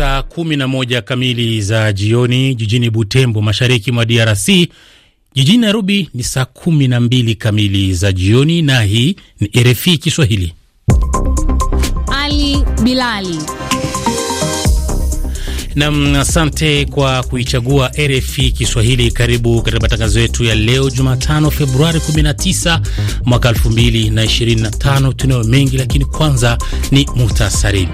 saa 11 kamili za jioni jijini Butembo, mashariki mwa DRC. Jijini Nairobi ni saa 12 kamili za jioni, na hii ni RFI Kiswahili. Ali Bilali nam, asante kwa kuichagua RFI Kiswahili. Karibu katika matangazo yetu ya leo Jumatano, Februari 19 mwaka 2025. Tunayo mengi, lakini kwanza ni muhtasari.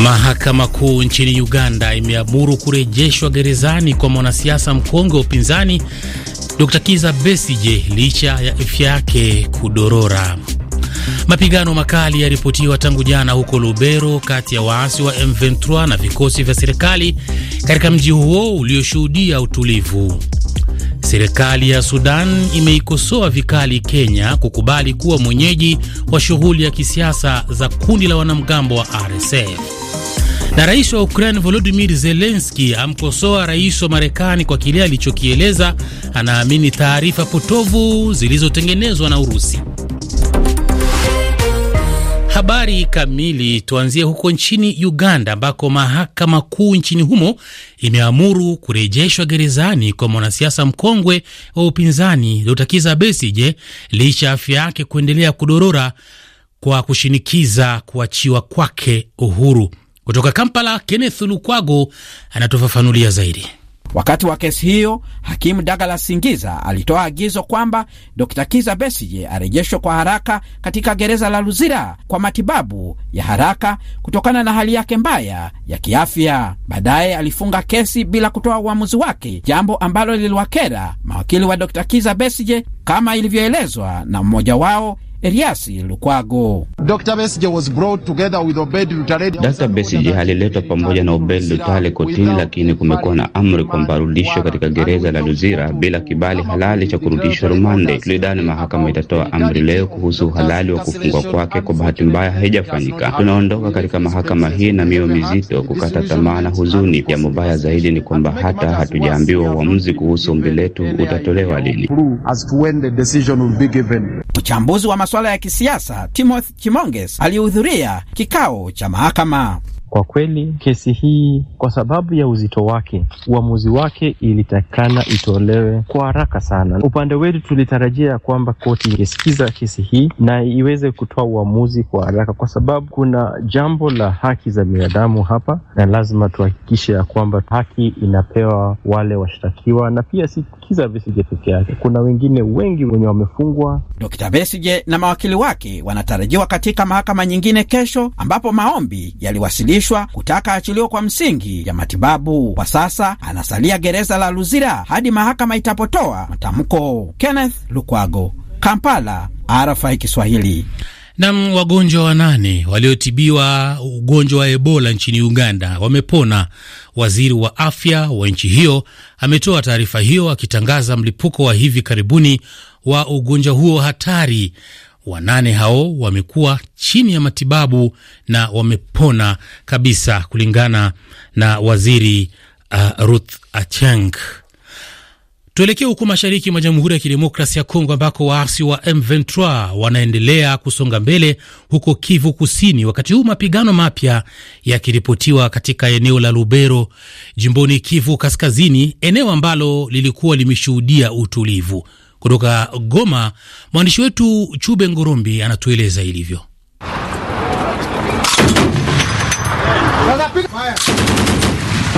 Mahakama Kuu nchini Uganda imeamuru kurejeshwa gerezani kwa mwanasiasa mkongwe wa upinzani Dr. Kiza Besije licha ya afya yake kudorora. Mapigano makali yaripotiwa tangu jana huko Lubero kati ya waasi wa M23 na vikosi vya serikali katika mji huo ulioshuhudia utulivu. Serikali ya Sudan imeikosoa vikali Kenya kukubali kuwa mwenyeji wa shughuli ya kisiasa za kundi la wanamgambo wa RSF. Na rais wa Ukraine Volodymyr Zelensky amkosoa rais wa Marekani kwa kile alichokieleza anaamini taarifa potovu zilizotengenezwa na Urusi. Habari kamili, tuanzie huko nchini Uganda ambako mahakama kuu nchini humo imeamuru kurejeshwa gerezani kwa mwanasiasa mkongwe wa upinzani Dr. Kizza Besigye licha ya afya yake kuendelea kudorora kwa kushinikiza kuachiwa kwake uhuru. Kutoka Kampala, Kenneth Lukwago anatufafanulia zaidi. Wakati wa kesi hiyo, hakimu dagala Singiza alitoa agizo kwamba Dr. Kiza Besije arejeshwe kwa haraka katika gereza la Luzira kwa matibabu ya haraka kutokana na hali yake mbaya ya kiafya. Baadaye alifunga kesi bila kutoa uamuzi wake, jambo ambalo liliwakera mawakili wa Dr. Kiza Besije kama ilivyoelezwa na mmoja wao Eriasi Lukwago. Dr. Besije aliletwa pamoja na Obed Lutale kotini, lakini kumekuwa na amri kwamba arudishwe katika gereza la Luzira bila kibali halali cha kurudishwa rumande. Tulidhani mahakama itatoa amri leo kuhusu uhalali wa kufungwa kwake, kwa bahati mbaya haijafanyika. Tunaondoka katika mahakama hii na mioyo mizito, kukata tamaa na huzuni. ya mubaya zaidi ni kwamba hata hatujaambiwa uamuzi kuhusu ombi letu utatolewa lini. Mchambuzi wa masuala ya kisiasa Timothy Chimonges alihudhuria kikao cha mahakama. Kwa kweli kesi hii kwa sababu ya uzito wake, uamuzi wake ilitakana itolewe kwa haraka sana. Upande wetu tulitarajia ya kwamba koti ingesikiza kesi hii na iweze kutoa uamuzi kwa haraka, kwa sababu kuna jambo la haki za binadamu hapa, na lazima tuhakikishe ya kwamba haki inapewa wale washtakiwa, na pia si kiza Besigye peke yake, kuna wengine wengi wenye wamefungwa. dokta besije na mawakili wake wanatarajiwa katika mahakama nyingine kesho, ambapo maombi yaliwasilishwa kuwasilishwa kutaka achiliwa kwa msingi ya matibabu. Kwa sasa anasalia gereza la Luzira hadi mahakama itapotoa matamko. Kenneth Lukwago, Kampala, RFI Kiswahili. Nam, wagonjwa wanane waliotibiwa ugonjwa wa Ebola nchini Uganda wamepona. Waziri wa afya wa nchi hiyo ametoa taarifa hiyo akitangaza mlipuko wa hivi karibuni wa ugonjwa huo hatari. Wanane hao wamekuwa chini ya matibabu na wamepona kabisa, kulingana na waziri uh, Ruth Acheng. Tuelekee huko mashariki mwa Jamhuri ya Kidemokrasi ya Kongo ambako waasi wa M23 wanaendelea kusonga mbele huko Kivu Kusini, wakati huu mapigano mapya yakiripotiwa katika eneo la Lubero jimboni Kivu Kaskazini, eneo ambalo lilikuwa limeshuhudia utulivu. Kutoka Goma, mwandishi wetu Chube Ngurumbi anatueleza ilivyo.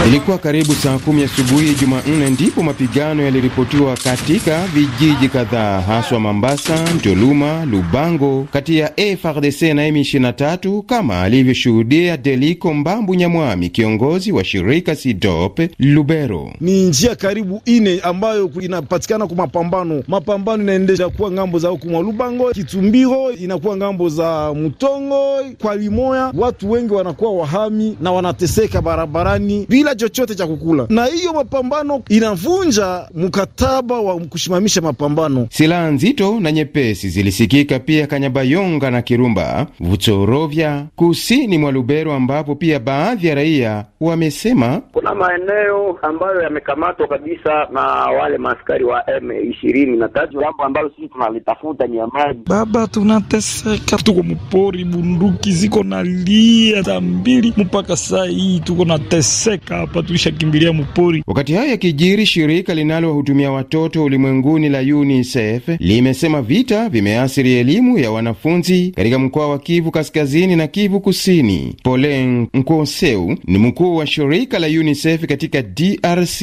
Ilikuwa karibu saa kumi asubuhi Jumanne ndipo mapigano yaliripotiwa katika vijiji kadhaa haswa Mambasa, Ndoluma, Lubango kati ya frdc na M23 kama alivyoshuhudia Deliko Mbambu Nyamwami, kiongozi wa shirika Sidope Lubero. Ni njia karibu ine ambayo inapatikana kwa mapambano. Mapambano inaendesha kuwa ngambo za huku mwa Lubango, Kitumbiro inakuwa ngambo za Mutongo, kwa Limoya. Watu wengi wanakuwa wahami na wanateseka barabarani bila chochote cha kukula, na hiyo mapambano inavunja mkataba wa kusimamisha mapambano. Silaha nzito na nyepesi zilisikika pia Kanyabayonga na Kirumba, Vuchorovya, kusini mwa Lubero, ambapo pia baadhi ya raia wamesema kuna maeneo ambayo yamekamatwa kabisa na wale maaskari wa M23 na tatu, jambo ambalo sisi tunalitafuta ni amani. Baba, tunateseka, tuko mpori, bunduki ziko na lia saa mbili mpaka saa hii tuko nateseka hapa tulishakimbilia mpori. Wakati hayo yakijiri, shirika linalowahudumia watoto ulimwenguni la UNICEF limesema vita vimeathiri elimu ya wanafunzi katika mkoa wa Kivu Kaskazini na Kivu Kusini. Polen Nkoseu ni mkuu wa shirika la UNICEF katika DRC.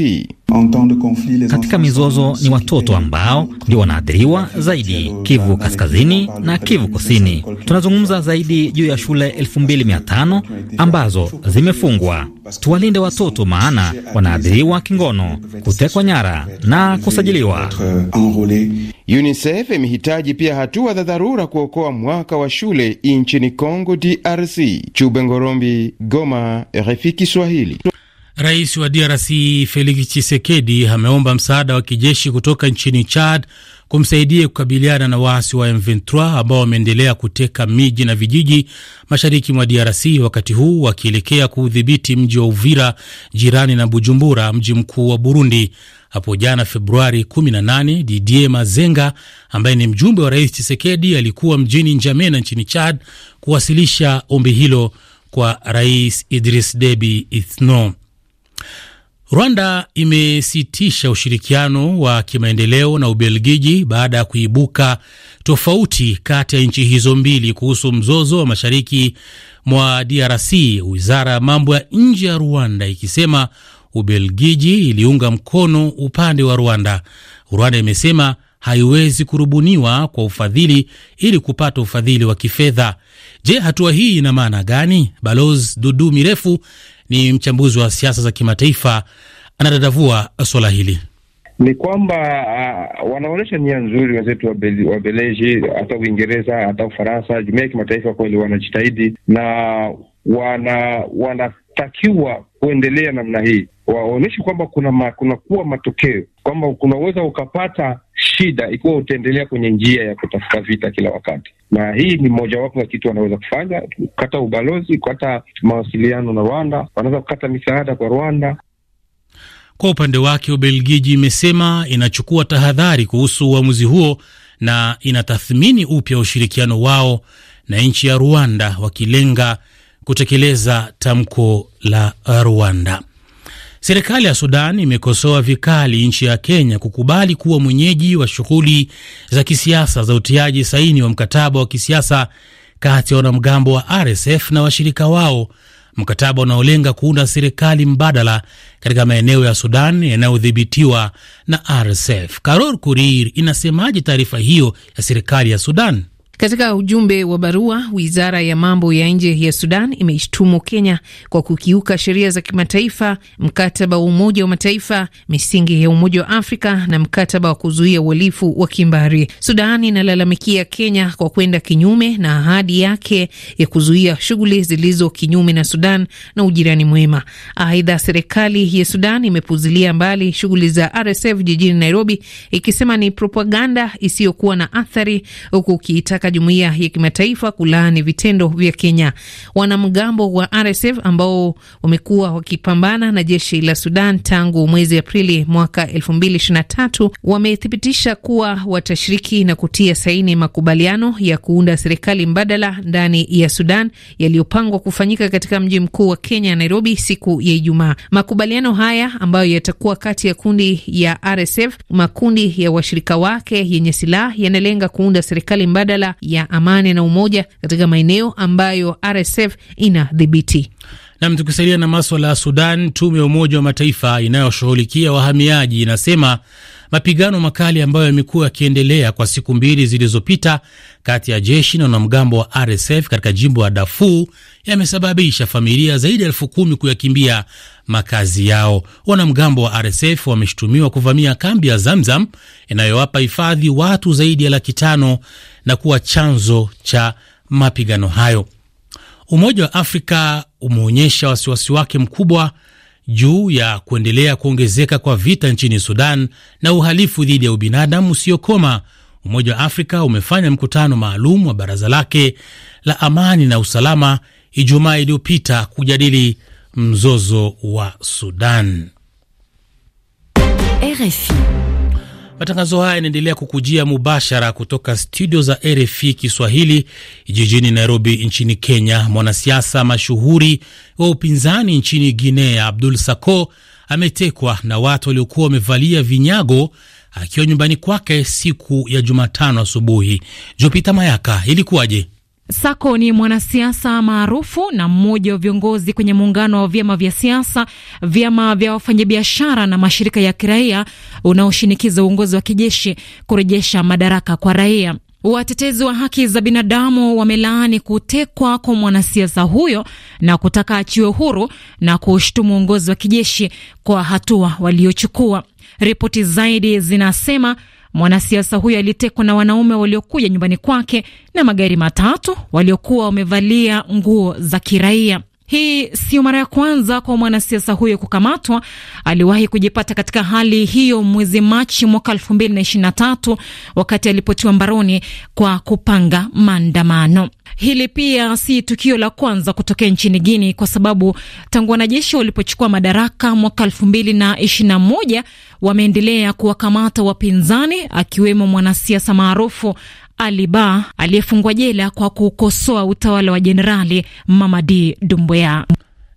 Katika mizozo ni watoto ambao ndio wanaathiriwa zaidi Kivu Kaskazini na Kivu Kusini. Tunazungumza zaidi juu ya shule 2500 ambazo zimefungwa. Tuwalinde watoto watoto, maana wanaadhiriwa kingono, kutekwa nyara na kusajiliwa. UNICEF imehitaji pia hatua za dharura kuokoa mwaka wa shule nchini Congo DRC. Chube Ngorombi, Goma, RFI Kiswahili. Rais wa DRC Felix chisekedi ameomba msaada wa kijeshi kutoka nchini Chad kumsaidia kukabiliana na waasi wa M23 ambao wameendelea kuteka miji na vijiji mashariki mwa DRC, wakati huu wakielekea kuudhibiti mji wa Uvira jirani na Bujumbura, mji mkuu wa Burundi. Hapo jana Februari 18, Didier Mazenga ambaye ni mjumbe wa Rais chisekedi alikuwa mjini Njamena nchini Chad kuwasilisha ombi hilo kwa Rais Idris debi Itno. Rwanda imesitisha ushirikiano wa kimaendeleo na Ubelgiji baada ya kuibuka tofauti kati ya nchi hizo mbili kuhusu mzozo wa mashariki mwa DRC, wizara ya mambo ya nje ya Rwanda ikisema Ubelgiji iliunga mkono upande wa Rwanda. Rwanda imesema haiwezi kurubuniwa kwa ufadhili ili kupata ufadhili wa kifedha. Je, hatua hii ina maana gani? Balozi Dudu Mirefu ni mchambuzi wa siasa za kimataifa, anadadavua swala hili. Ni kwamba uh, wanaonyesha nia nzuri wenzetu wa Beleji, hata Uingereza, hata Ufaransa. Jumuiya ya kimataifa kweli wanajitahidi na wana wanatakiwa kuendelea namna hii, waonyeshe kwamba kuna ma, kuna kuwa matokeo kwamba kunaweza ukapata shida ikiwa utaendelea kwenye njia ya kutafuta vita kila wakati na hii ni mojawapo ya kitu wanaweza kufanya, kukata ubalozi, kukata mawasiliano na Rwanda, wanaweza kukata misaada kwa Rwanda. Kwa upande wake, Ubelgiji imesema inachukua tahadhari kuhusu uamuzi huo na inatathmini upya ushirikiano wao na nchi ya Rwanda, wakilenga kutekeleza tamko la Rwanda. Serikali ya Sudan imekosoa vikali nchi ya Kenya kukubali kuwa mwenyeji wa shughuli za kisiasa za utiaji saini wa mkataba wa kisiasa kati ya wanamgambo wa RSF na washirika wao, mkataba unaolenga kuunda serikali mbadala katika maeneo ya Sudan yanayodhibitiwa na RSF. karor Kurir inasemaje taarifa hiyo ya serikali ya Sudan? Katika ujumbe wa barua, wizara ya mambo ya nje ya Sudan imeishtumu Kenya kwa kukiuka sheria za kimataifa, mkataba wa Umoja wa Mataifa, misingi ya Umoja wa Afrika na mkataba wa kuzuia uhalifu wa kimbari. Sudan inalalamikia Kenya kwa kwenda kinyume na ahadi yake ya kuzuia shughuli zilizo kinyume na Sudan na ujirani mwema. Aidha, serikali ya Sudan imepuzilia mbali shughuli za RSF jijini Nairobi, ikisema ni propaganda isiyokuwa na athari, huku ukiitaka jumuia jumuiya ya kimataifa kulaani vitendo vya Kenya. Wanamgambo wa RSF ambao wamekuwa wakipambana na jeshi la Sudan tangu mwezi Aprili mwaka 2023 wamethibitisha kuwa watashiriki na kutia saini makubaliano ya kuunda serikali mbadala ndani ya Sudan yaliyopangwa kufanyika katika mji mkuu wa Kenya, Nairobi, siku ya Ijumaa. Makubaliano haya ambayo yatakuwa kati ya kundi ya RSF, makundi ya washirika wake yenye silaha yanalenga kuunda serikali mbadala ya amani na umoja katika maeneo ambayo RSF inadhibiti. Nam, tukisalia na maswala ya Sudan, tume ya Umoja wa Mataifa inayoshughulikia wahamiaji inasema mapigano makali ambayo yamekuwa yakiendelea kwa siku mbili zilizopita kati ya jeshi na wanamgambo wa RSF katika jimbo la Darfur yamesababisha familia zaidi ya elfu kumi kuyakimbia makazi yao. Wanamgambo wa RSF wameshutumiwa kuvamia kambi ya Zamzam inayowapa hifadhi watu zaidi ya laki tano na kuwa chanzo cha mapigano hayo. Umoja wa Afrika umeonyesha wasiwasi wake mkubwa juu ya kuendelea kuongezeka kwa vita nchini Sudan na uhalifu dhidi ya ubinadamu usiokoma. Umoja wa Afrika umefanya mkutano maalum wa baraza lake la amani na usalama Ijumaa iliyopita kujadili mzozo wa Sudan. RFI. Matangazo haya yanaendelea kukujia mubashara kutoka studio za RFI Kiswahili jijini Nairobi nchini Kenya. Mwanasiasa mashuhuri wa upinzani nchini Guinea, Abdul Sako, ametekwa na watu waliokuwa wamevalia vinyago akiwa nyumbani kwake siku ya Jumatano asubuhi. jopita Mayaka, ilikuwaje? Sako ni mwanasiasa maarufu na mmoja wa viongozi kwenye muungano wa vyama vya siasa, vyama vya wafanyabiashara na mashirika ya kiraia unaoshinikiza uongozi wa kijeshi kurejesha madaraka kwa raia. Watetezi wa haki za binadamu wamelaani kutekwa kwa mwanasiasa huyo na kutaka achiwe huru na kushtumu uongozi wa kijeshi kwa hatua waliochukua. Ripoti zaidi zinasema Mwanasiasa huyo alitekwa na wanaume waliokuja nyumbani kwake na magari matatu waliokuwa wamevalia nguo za kiraia. Hii sio mara ya kwanza kwa mwanasiasa huyo kukamatwa. Aliwahi kujipata katika hali hiyo mwezi Machi mwaka tatu wakati alipotiwa mbaroni kwa kupanga maandamano. Hili pia si tukio la kwanza kutokea nchini Guini, kwa sababu tangu wanajeshi walipochukua madaraka mwaka elfu mbili na ishirini na moja wameendelea kuwakamata wapinzani, akiwemo mwanasiasa maarufu ali Ba aliyefungwa jela kwa kukosoa utawala wa Jenerali Mamadi dumbwea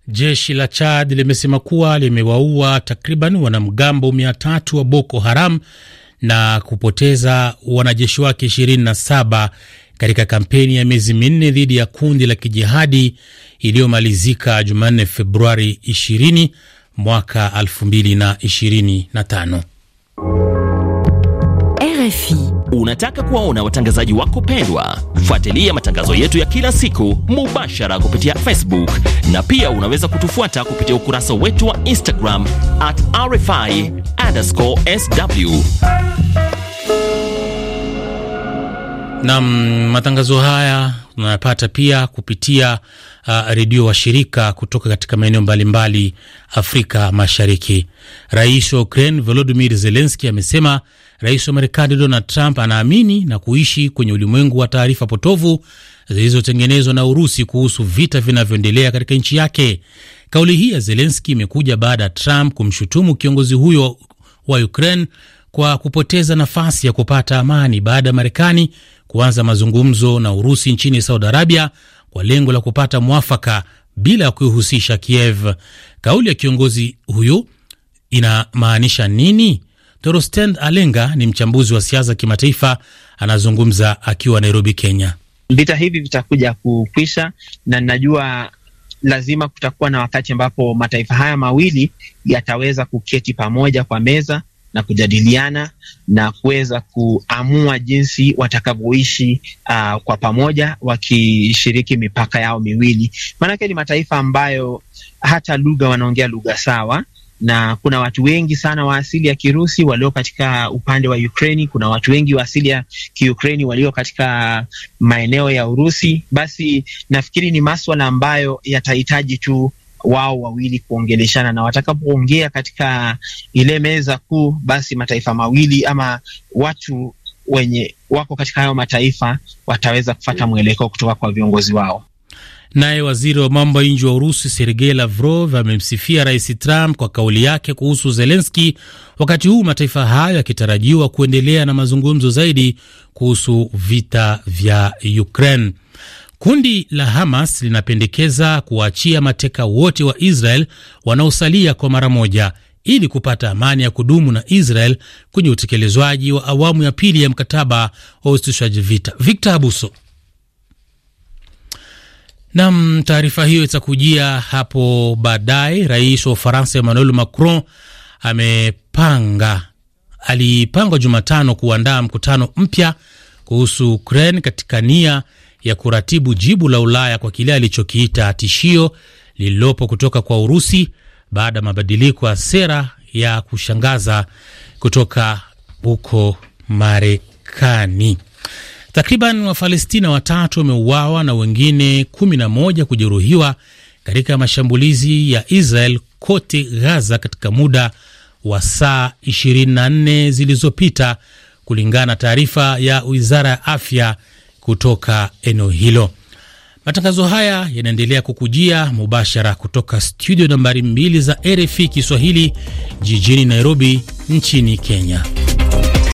Jeshi la Chad limesema kuwa limewaua takriban wanamgambo mia tatu wa Boko Haram na kupoteza wanajeshi wake ishirini saba katika kampeni ya miezi minne dhidi ya kundi la kijihadi iliyomalizika Jumanne, Februari 20 mwaka 2025. RFI. Unataka kuwaona watangazaji wako pendwa? Fuatilia matangazo yetu ya kila siku mubashara kupitia Facebook na pia unaweza kutufuata kupitia ukurasa wetu wa Instagram at RFI_sw na matangazo haya unayapata pia kupitia uh, redio shirika kutoka katika maeneo mbalimbali Afrika Mashariki. Rais wa Ukraine Volodimir Zelenski amesema rais wa Marekani Donald Trump anaamini na kuishi kwenye ulimwengu wa taarifa potovu zilizotengenezwa na Urusi kuhusu vita vinavyoendelea katika nchi yake. Kauli hii ya Zelenski imekuja baada ya Trump kumshutumu kiongozi huyo wa Ukraine kwa kupoteza nafasi ya kupata amani baada ya Marekani kuanza mazungumzo na Urusi nchini Saudi Arabia kwa lengo la kupata mwafaka bila ya kuihusisha Kiev. Kauli ya kiongozi huyu inamaanisha nini? Torosten Alenga ni mchambuzi wa siasa kimataifa, anazungumza akiwa Nairobi, Kenya. Vita hivi vitakuja kukwisha na ninajua lazima kutakuwa na wakati ambapo mataifa haya mawili yataweza kuketi pamoja kwa meza na kujadiliana na kuweza kuamua jinsi watakavyoishi uh, kwa pamoja wakishiriki mipaka yao miwili. Maanake ni mataifa ambayo hata lugha wanaongea lugha sawa na kuna watu wengi sana wa asili ya Kirusi walio katika upande wa Ukraini. Kuna watu wengi wa asili ya Kiukraini walio katika maeneo ya Urusi. Basi nafikiri ni maswala ambayo yatahitaji tu wao wawili kuongeleshana, na watakapoongea katika ile meza kuu, basi mataifa mawili ama watu wenye wako katika hayo mataifa wataweza kufata mwelekeo kutoka kwa viongozi wao. Naye waziri wa mambo ya nje wa Urusi Sergei Lavrov amemsifia rais Trump kwa kauli yake kuhusu Zelenski, wakati huu mataifa hayo yakitarajiwa kuendelea na mazungumzo zaidi kuhusu vita vya Ukraine. Kundi la Hamas linapendekeza kuwaachia mateka wote wa Israel wanaosalia kwa mara moja ili kupata amani ya kudumu na Israel kwenye utekelezwaji wa awamu ya pili ya mkataba wa usitishwaji vita. Victor Abuso. Nam, taarifa hiyo itakujia hapo baadaye. Rais wa Ufaransa Emmanuel Macron amepanga alipangwa Jumatano kuandaa mkutano mpya kuhusu Ukraine katika nia ya kuratibu jibu la Ulaya kwa kile alichokiita tishio lililopo kutoka kwa Urusi baada ya mabadiliko ya sera ya kushangaza kutoka huko Marekani. Takriban Wafalestina watatu wameuawa na wengine kumi na moja kujeruhiwa katika mashambulizi ya Israel kote Gaza katika muda wa saa 24 zilizopita kulingana na taarifa ya Wizara ya Afya kutoka eneo hilo. Matangazo haya yanaendelea kukujia mubashara kutoka studio nambari mbili za RFI Kiswahili jijini Nairobi nchini Kenya.